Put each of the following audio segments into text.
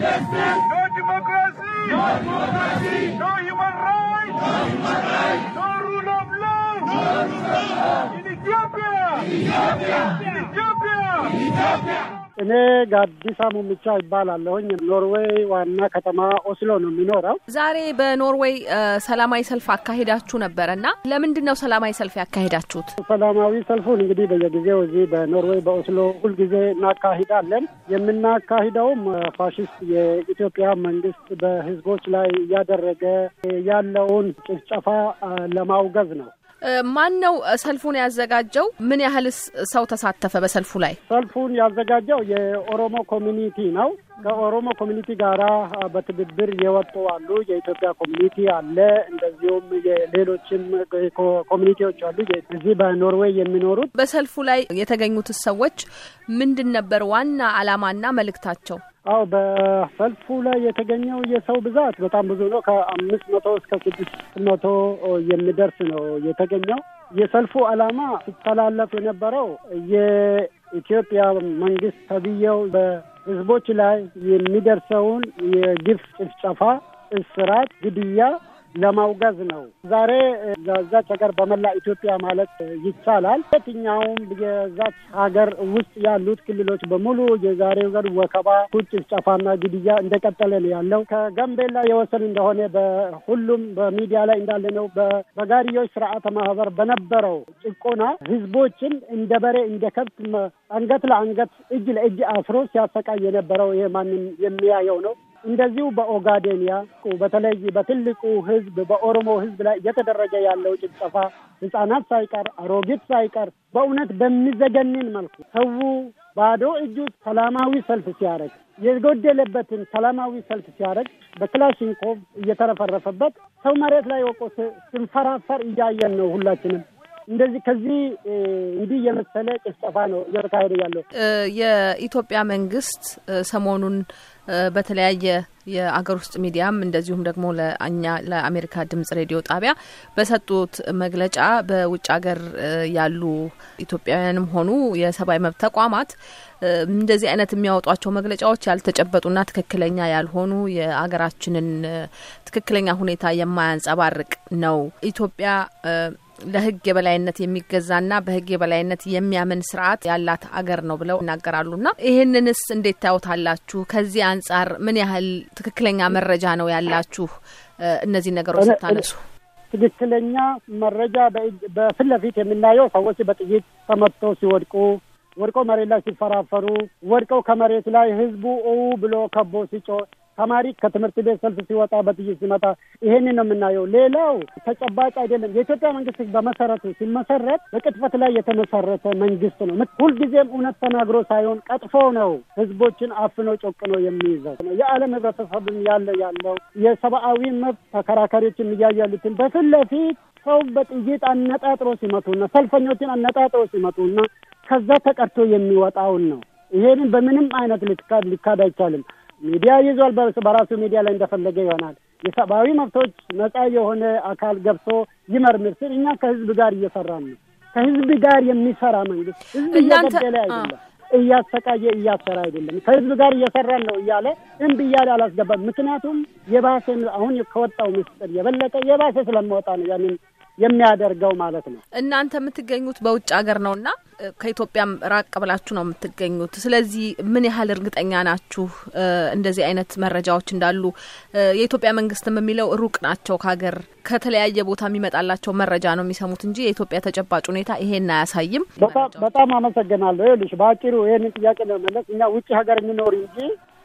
justice. No democracy. No democracy. No human rights. No human rights. No rule of law. No rule of law. In Ethiopia. In Ethiopia. In Ethiopia. In Ethiopia. እኔ ጋዲሳ ሙምቻ ይባላለሁኝ። ኖርዌይ ዋና ከተማ ኦስሎ ነው የሚኖረው። ዛሬ በኖርዌይ ሰላማዊ ሰልፍ አካሄዳችሁ ነበረ እና ለምንድን ነው ሰላማዊ ሰልፍ ያካሄዳችሁት? ሰላማዊ ሰልፉን እንግዲህ በየጊዜው እዚህ በኖርዌይ በኦስሎ ሁልጊዜ እናካሂዳለን። የምናካሂደውም ፋሽስት የኢትዮጵያ መንግስት በህዝቦች ላይ እያደረገ ያለውን ጭፍጨፋ ለማውገዝ ነው። ማን ነው ሰልፉን ያዘጋጀው? ምን ያህልስ ሰው ተሳተፈ በሰልፉ ላይ? ሰልፉን ያዘጋጀው የኦሮሞ ኮሚኒቲ ነው። ከኦሮሞ ኮሚኒቲ ጋራ በትብብር የወጡ አሉ። የኢትዮጵያ ኮሚኒቲ አለ። እንደዚሁም የሌሎችም ኮሚኒቲዎች አሉ። እዚህ በኖርዌይ የሚኖሩት። በሰልፉ ላይ የተገኙት ሰዎች ምንድን ነበር ዋና አላማና መልእክታቸው? አዎ በሰልፉ ላይ የተገኘው የሰው ብዛት በጣም ብዙ ነው። ከአምስት መቶ እስከ ስድስት መቶ የሚደርስ ነው የተገኘው። የሰልፉ ዓላማ ሲተላለፍ የነበረው የኢትዮጵያ መንግስት ተብዬው በህዝቦች ላይ የሚደርሰውን የግፍ ጭፍጨፋ፣ እስራት፣ ግድያ ለማውገዝ ነው። ዛሬ ለዛች ሀገር በመላ ኢትዮጵያ ማለት ይቻላል የትኛውም የዛች ሀገር ውስጥ ያሉት ክልሎች በሙሉ የዛሬው ቀን ወከባ፣ ጭፍጨፋና ግድያ እንደቀጠለ ነው ያለው። ከጋምቤላ የወሰን እንደሆነ በሁሉም በሚዲያ ላይ እንዳለ ነው። በጋሪዮች ስርዓተ ማህበር በነበረው ጭቆና ህዝቦችን እንደ በሬ እንደ ከብት አንገት ለአንገት እጅ ለእጅ አስሮ ሲያሰቃይ የነበረው ይሄ ማንም የሚያየው ነው። እንደዚሁ በኦጋዴን በተለይ በትልቁ ህዝብ በኦሮሞ ህዝብ ላይ እየተደረገ ያለው ጭፍጨፋ ህጻናት ሳይቀር አሮጊት ሳይቀር በእውነት በሚዘገንን መልኩ ሰው ባዶ እጁ ሰላማዊ ሰልፍ ሲያደርግ የጎደለበትን ሰላማዊ ሰልፍ ሲያደርግ በክላሽንኮቭ እየተረፈረፈበት ሰው መሬት ላይ ወቆ ስንፈራፈር እያየን ነው ሁላችንም። እንደዚህ ከዚህ እንዲህ የመሰለ ጭፍጨፋ ነው እየተካሄደ ያለው። የኢትዮጵያ መንግስት ሰሞኑን በተለያየ የአገር ውስጥ ሚዲያም እንደዚሁም ደግሞ ለእኛ ለአሜሪካ ድምጽ ሬዲዮ ጣቢያ በሰጡት መግለጫ በውጭ ሀገር ያሉ ኢትዮጵያውያንም ሆኑ የሰብአዊ መብት ተቋማት እንደዚህ አይነት የሚያወጧቸው መግለጫዎች ያልተጨበጡና ትክክለኛ ያልሆኑ የአገራችንን ትክክለኛ ሁኔታ የማያንጸባርቅ ነው ኢትዮጵያ ለህግ የበላይነት የሚገዛና በህግ የበላይነት የሚያምን ስርዓት ያላት አገር ነው ብለው ና ይህንንስ እንዴት ታዩታላችሁ? ከዚህ አንጻር ምን ያህል ትክክለኛ መረጃ ነው ያላችሁ? እነዚህ ነገሮች ስታነሱ ትክክለኛ መረጃ በፊት ለፊት የምናየው ሰዎች በጥይት ተመትተው ሲወድቁ ወድቀው መሬት ላይ ሲፈራፈሩ ወድቀው ከመሬት ላይ ህዝቡ ብሎ ከቦ ሲጮህ ተማሪ ከትምህርት ቤት ሰልፍ ሲወጣ በጥይት ሲመጣ ይሄንን ነው የምናየው። ሌላው ተጨባጭ አይደለም። የኢትዮጵያ መንግስት በመሰረቱ ሲመሰረት በቅጥፈት ላይ የተመሰረተ መንግስት ነው። ሁልጊዜም እውነት ተናግሮ ሳይሆን ቀጥፎ ነው ህዝቦችን አፍኖ ጨቅኖ የሚይዘው። የዓለም ህብረተሰብም ያለ ያለው የሰብአዊ መብት ተከራካሪዎችም እያዩ ያሉትን በፊት ለፊት ሰው በጥይት አነጣጥሮ ሲመቱና ሰልፈኞችን አነጣጥሮ ሲመቱና ከዛ ተቀርቶ የሚወጣውን ነው። ይሄንን በምንም አይነት ሊካድ አይቻልም። ሚዲያ ይዟል። በራሱ ሚዲያ ላይ እንደፈለገ ይሆናል። የሰብአዊ መብቶች ነጻ የሆነ አካል ገብቶ ይመርምር ስል እኛ ከህዝብ ጋር እየሰራን ነው። ከህዝብ ጋር የሚሰራ መንግስት ህዝብ እየገደለ አይደለም፣ እያሰቃየ እያሰራ አይደለም። ከህዝብ ጋር እየሰራን ነው እያለ እምቢ እያለ አላስገባም። ምክንያቱም የባሰ አሁን ከወጣው ምስጢር የበለጠ የባሰ ስለማወጣ ነው ያንን የሚያደርገው ማለት ነው። እናንተ የምትገኙት በውጭ ሀገር ነውና ከኢትዮጵያም ራቅ ብላችሁ ነው የምትገኙት። ስለዚህ ምን ያህል እርግጠኛ ናችሁ እንደዚህ አይነት መረጃዎች እንዳሉ? የኢትዮጵያ መንግስትም የሚለው ሩቅ ናቸው ከሀገር ከተለያየ ቦታ የሚመጣላቸው መረጃ ነው የሚሰሙት እንጂ የኢትዮጵያ ተጨባጭ ሁኔታ ይሄን አያሳይም። በጣም አመሰግናለሁ። ይኸውልሽ በአጭሩ ይህንን ጥያቄ ለመመለስ እኛ ውጭ ሀገር የሚኖር እንጂ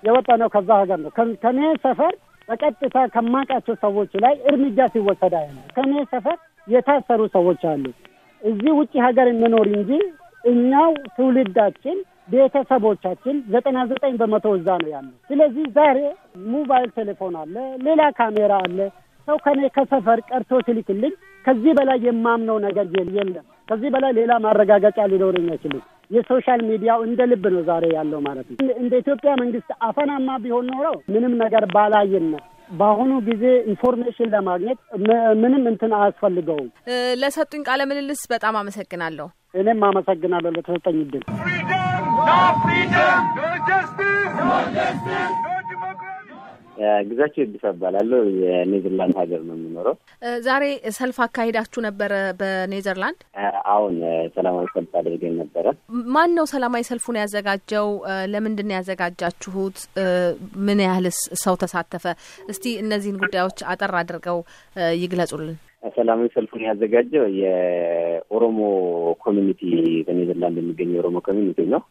የወጣ ነው ከዛ ሀገር ነው ከኔ ሰፈር በቀጥታ ከማውቃቸው ሰዎች ላይ እርምጃ ሲወሰድ አይ ከኔ ሰፈር የታሰሩ ሰዎች አሉ። እዚህ ውጭ ሀገር እንኖር እንጂ እኛው ትውልዳችን ቤተሰቦቻችን ዘጠና ዘጠኝ በመቶ እዛ ነው ያለ። ስለዚህ ዛሬ ሞባይል ቴሌፎን አለ፣ ሌላ ካሜራ አለ። ሰው ከኔ ከሰፈር ቀርቶ ትልክልኝ ከዚህ በላይ የማምነው ነገር የለም። ከዚህ በላይ ሌላ ማረጋገጫ ሊኖረኝ አይችልም። የሶሻል ሚዲያው እንደ ልብ ነው ዛሬ ያለው ማለት ነው። እንደ ኢትዮጵያ መንግስት አፈናማ ቢሆን ኖረው ምንም ነገር ባላይነት። በአሁኑ ጊዜ ኢንፎርሜሽን ለማግኘት ምንም እንትን አያስፈልገውም። ለሰጡኝ ቃለ ምልልስ በጣም አመሰግናለሁ። እኔም አመሰግናለሁ ለተሰጠኝ እድል። ግዛቸው ይብሳ እባላለሁ። የኔዘርላንድ ሀገር ነው የሚኖረው። ዛሬ ሰልፍ አካሂዳችሁ ነበረ በኔዘርላንድ? አሁን ሰላማዊ ሰልፍ አድርገን ነበረ። ማን ነው ሰላማዊ ሰልፉን ያዘጋጀው? ለምንድን ነው ያዘጋጃችሁት? ምን ያህልስ ሰው ተሳተፈ? እስቲ እነዚህን ጉዳዮች አጠር አድርገው ይግለጹልን። ሰላማዊ ሰልፉን ያዘጋጀው የኦሮሞ ኮሚኒቲ በኔዘርላንድ የሚገኝ የኦሮሞ ኮሚኒቲ ነው።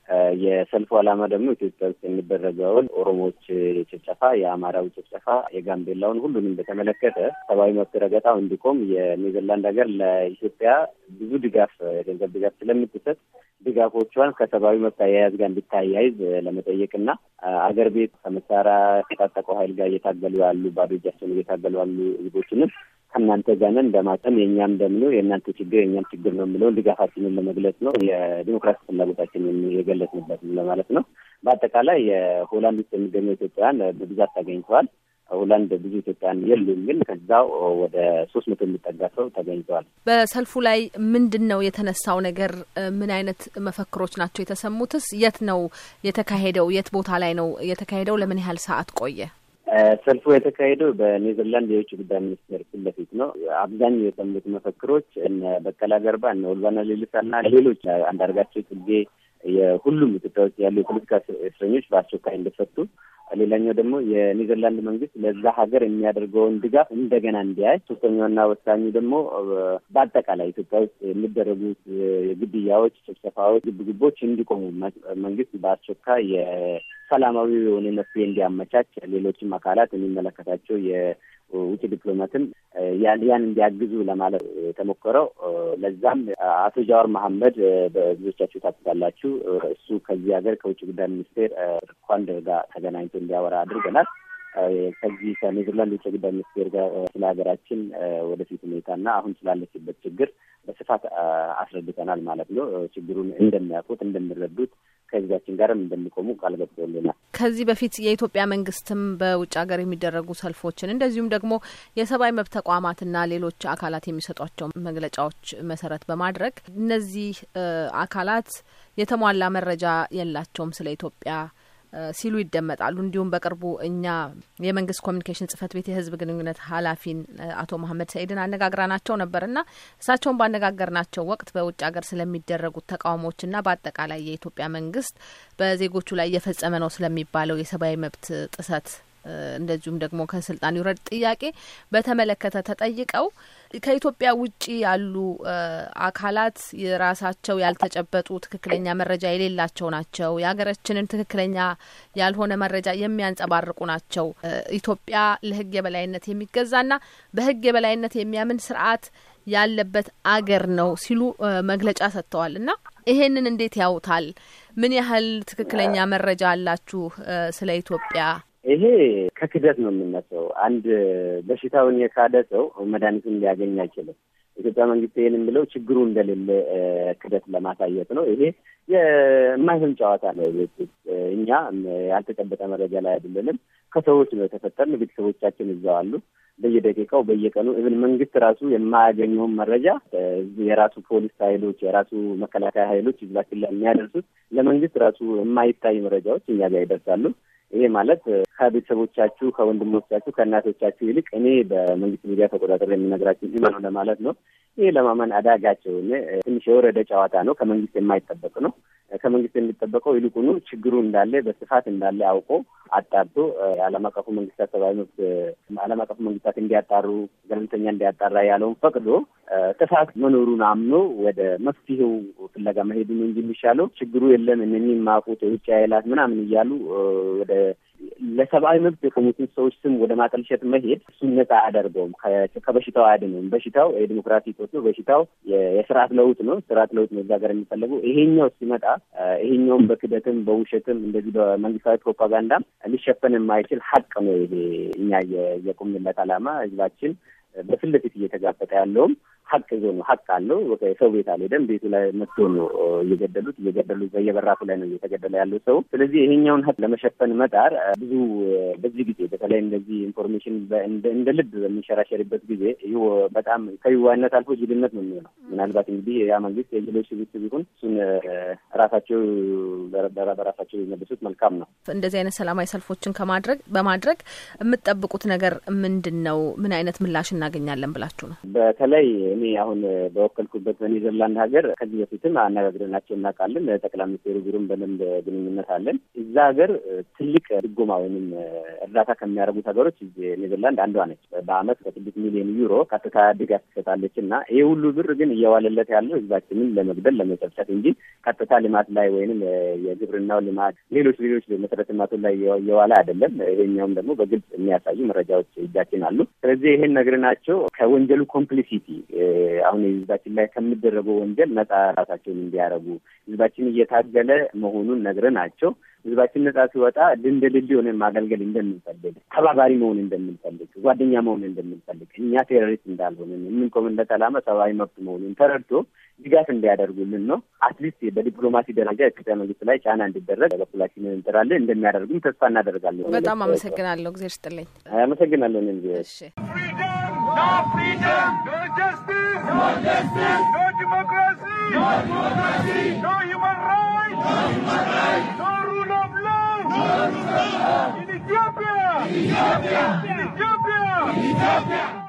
የሰልፉ ዓላማ ደግሞ ኢትዮጵያ ውስጥ የሚደረገውን ኦሮሞዎች ጭፍጨፋ፣ የአማራዊ ጭፍጨፋ፣ የጋምቤላውን ሁሉንም በተመለከተ ሰብአዊ መብት ረገጣው እንዲቆም የኔዘርላንድ ሀገር ለኢትዮጵያ ብዙ ድጋፍ የገንዘብ ድጋፍ ስለምትሰጥ ድጋፎቿን ከሰብአዊ መብት አያያዝ ጋር እንዲታያይዝ ለመጠየቅና አገር ቤት ከመሳሪያ ከታጠቀው ኃይል ጋር እየታገሉ ያሉ ባዶ እጃቸውን እየታገሉ ያሉ ህዝቦችንም ከእናንተ ጋር ነን በማጠም የእኛም ደም ነው የእናንተ ችግር የእኛም ችግር ነው የምለውን ድጋፋችንን ለመግለጽ ነው የዲሞክራሲ ፍላጎታችንን የገለጽንበት ለማለት ነው። በአጠቃላይ የሆላንድ ውስጥ የሚገኙ ኢትዮጵያውያን በብዛት ተገኝተዋል። ሆላንድ ብዙ ኢትዮጵያን የሉም፣ ግን ከዛው ወደ ሶስት መቶ የሚጠጋ ሰው ተገኝተዋል። በሰልፉ ላይ ምንድን ነው የተነሳው ነገር? ምን አይነት መፈክሮች ናቸው የተሰሙትስ? የት ነው የተካሄደው? የት ቦታ ላይ ነው የተካሄደው? ለምን ያህል ሰዓት ቆየ? ሰልፉ የተካሄደው በኔዘርላንድ የውጭ ጉዳይ ሚኒስቴር ፊት ለፊት ነው። አብዛኛው የሰሙት መፈክሮች እነ በቀላ ገርባ፣ እነ ኦልባና ሌሊሳና ሌሎች አንዳርጋቸው ጽጌ የሁሉም ኢትዮጵያ ውስጥ ያሉ የፖለቲካ እስረኞች በአስቸኳይ እንዲፈቱ፣ ሌላኛው ደግሞ የኔዘርላንድ መንግስት ለዛ ሀገር የሚያደርገውን ድጋፍ እንደገና እንዲያይ፣ ሶስተኛውና ወሳኙ ደግሞ በአጠቃላይ ኢትዮጵያ ውስጥ የሚደረጉት የግድያዎች፣ ጭፍጨፋዎች፣ ግብግቦች እንዲቆሙ መንግስት በአስቸኳይ ሰላማዊ የሆነ መፍትሄ እንዲያመቻች ሌሎችም አካላት የሚመለከታቸው የውጭ ዲፕሎማትም ያን እንዲያግዙ ለማለት የተሞከረው ለዛም አቶ ጃዋር መሐመድ በብዙዎቻችሁ ታውቁታላችሁ። እሱ ከዚህ ሀገር ከውጭ ጉዳይ ሚኒስቴር ኳንደር ጋር ተገናኝቶ እንዲያወራ አድርገናል። ከዚህ ከኔዘርላንድ ውጭ ጉዳይ ሚኒስቴር ጋር ስለ ሀገራችን ወደፊት ሁኔታና አሁን ስላለችበት ችግር በስፋት አስረድተናል ማለት ነው። ችግሩን እንደሚያውቁት እንደሚረዱት ከህዝባችን ጋርም እንደሚቆሙ ቃል ገብቶልናል። ከዚህ በፊት የኢትዮጵያ መንግስትም በውጭ ሀገር የሚደረጉ ሰልፎችን እንደዚሁም ደግሞ የሰብአዊ መብት ተቋማትና ሌሎች አካላት የሚሰጧቸው መግለጫዎች መሰረት በማድረግ እነዚህ አካላት የተሟላ መረጃ የላቸውም ስለ ኢትዮጵያ ሲሉ ይደመጣሉ። እንዲሁም በቅርቡ እኛ የመንግስት ኮሚኒኬሽን ጽህፈት ቤት የህዝብ ግንኙነት ኃላፊን አቶ መሀመድ ሰኢድን አነጋግረናቸው ነበርና እሳቸውን ባነጋገርናቸው ወቅት በውጭ ሀገር ስለሚደረጉት ና በአጠቃላይ የኢትዮጵያ መንግስት በዜጎቹ ላይ እየፈጸመ ነው ስለሚባለው የሰብአዊ መብት ጥሰት እንደዚሁም ደግሞ ከስልጣን ይውረድ ጥያቄ በተመለከተ ተጠይቀው ከኢትዮጵያ ውጭ ያሉ አካላት የራሳቸው ያልተጨበጡ ትክክለኛ መረጃ የሌላቸው ናቸው፣ የሀገራችንን ትክክለኛ ያልሆነ መረጃ የሚያንጸባርቁ ናቸው፣ ኢትዮጵያ ለሕግ የበላይነት የሚገዛና በሕግ የበላይነት የሚያምን ስርዓት ያለበት አገር ነው ሲሉ መግለጫ ሰጥተዋል እና ይሄንን እንዴት ያውታል? ምን ያህል ትክክለኛ መረጃ አላችሁ ስለ ኢትዮጵያ? ይሄ ከክደት ነው የምነሰው አንድ በሽታውን የካደ ሰው መድኃኒቱን ሊያገኝ አይችልም። ኢትዮጵያ መንግስት ይህን የምለው ችግሩ እንደሌለ ክደት ለማሳየት ነው። ይሄ የማይሆን ጨዋታ ነው። ቤት ውስጥ እኛ ያልተጨበጠ መረጃ ላይ አይደለንም። ከሰዎች ነው የተፈጠርን። ቤተሰቦቻችን እዛው አሉ። በየደቂቃው በየቀኑ ኢብን መንግስት ራሱ የማያገኘውን መረጃ የራሱ ፖሊስ ኃይሎች የራሱ መከላከያ ኃይሎች ህዝባችን ላይ የሚያደርሱት ለመንግስት ራሱ የማይታይ መረጃዎች እኛ ጋር ይደርሳሉ። ይሄ ማለት ከቤተሰቦቻችሁ ከወንድሞቻችሁ ከእናቶቻችሁ ይልቅ እኔ በመንግስት ሚዲያ ተቆጣጠር የሚነግራችን እመኑ ለማለት ነው። ይሄ ለማመን አዳጋቸው ትንሽ የወረደ ጨዋታ ነው። ከመንግስት የማይጠበቅ ነው። ከመንግስት የሚጠበቀው ይልቁኑ ችግሩ እንዳለ በስፋት እንዳለ አውቆ አጣርቶ የዓለም አቀፉ መንግስታት ሰብአዊ መብት ዓለም አቀፉ መንግስታት እንዲያጣሩ ገለልተኛ እንዲያጣራ ያለውን ፈቅዶ ጥፋት መኖሩን አምኖ ወደ መፍትሄው ፍለጋ መሄዱ ነው እንጂ የሚሻለው ችግሩ የለም እነኚህ የማያውቁት የውጭ ኃይላት ምናምን እያሉ ወደ ለሰብአዊ መብት የቆሙትን ሰዎች ስም ወደ ማጠልሸት መሄድ እሱን ነጻ አያደርገውም፣ ከበሽታው አያድነውም። በሽታው የዲሞክራሲ እጦት ነው። በሽታው የስርዓት ለውጥ ነው። ስርዓት ለውጥ ነው የሚፈለገው። ይሄኛው ሲመጣ ይሄኛውም በክደትም በውሸትም እንደዚህ በመንግስታዊ ፕሮፓጋንዳም ሊሸፈን የማይችል ሀቅ ነው። ይሄ እኛ የቁምነት አላማ ህዝባችን በፊት ለፊት እየተጋፈጠ ያለውም ሀቅ ይዞ ነው ሀቅ አለው። ሰው ቤት አልሄደም። ቤቱ ላይ መጥቶ ነው እየገደሉት እየገደሉ በየበራቱ ላይ ነው እየተገደለ ያለው ሰው። ስለዚህ ይሄኛውን ሀቅ ለመሸፈን መጣር ብዙ በዚህ ጊዜ በተለይ እንደዚህ ኢንፎርሜሽን እንደ ልብ በሚንሸራሸርበት ጊዜ ይህ በጣም ከይዋነት አልፎ ጅልነት ነው የሚሆነው። ምናልባት እንግዲህ ያ መንግስት የጅሎች ስብስብ ቢሆን እሱን ራሳቸው በራሳቸው የሚመልሱት መልካም ነው። እንደዚህ አይነት ሰላማዊ ሰልፎችን ከማድረግ በማድረግ የምትጠብቁት ነገር ምንድን ነው? ምን አይነት ምላሽ እናገኛለን ብላችሁ ነው በተለይ እኔ አሁን በወከልኩበት በኔዘርላንድ ሀገር ከዚህ በፊትም አነጋግረናቸው እናውቃለን። ጠቅላይ ሚኒስቴሩ ቢሮም በደንብ ግንኙነት አለን። እዛ ሀገር ትልቅ ድጎማ ወይም እርዳታ ከሚያደርጉት ሀገሮች ኔዘርላንድ አንዷ ነች። በአመት ከስድስት ሚሊዮን ዩሮ ቀጥታ ድጋፍ ትሰጣለች እና ይህ ሁሉ ብር ግን እየዋለለት ያለው ህዝባችንን ለመግደል ለመጨፍጨፍ እንጂ ቀጥታ ልማት ላይ ወይም የግብርናው ልማት፣ ሌሎች ሌሎች መሰረተ ልማቱ ላይ እየዋለ አይደለም። ይሄኛውም ደግሞ በግልጽ የሚያሳዩ መረጃዎች እጃችን አሉ። ስለዚህ ይሄን ናቸው ከወንጀሉ ኮምፕሊሲቲ አሁን የህዝባችን ላይ ከሚደረገው ወንጀል ነጻ ራሳቸውን እንዲያደርጉ ህዝባችን እየታገለ መሆኑን ናቸው። ህዝባችን ነጻ ሲወጣ ልንደ ልድ የሆነ ማገልገል እንደምንፈልግ፣ ተባባሪ መሆን እንደምንፈልግ፣ ጓደኛ መሆን እንደምንፈልግ፣ እኛ ቴሮሪስት እንዳልሆንን የምንቆምለት ዓላማ ሰብአዊ መብት መሆኑን ተረድቶ ድጋፍ እንዲያደርጉልን ነው። አትሊስት በዲፕሎማሲ ደረጃ የኢትዮጵያ መንግስት ላይ ጫና እንዲደረግ በኩላችን እንጥራለን። እንደሚያደርጉም ተስፋ እናደርጋለን። በጣም አመሰግናለሁ። እግዜር ስጥልኝ። አመሰግናለሁ። እኔም no justice, no democracy, no democracy, no human rights, no human rights, no rule of law, no rule of law. In Ethiopia, in Ethiopia, in Ethiopia, in Ethiopia.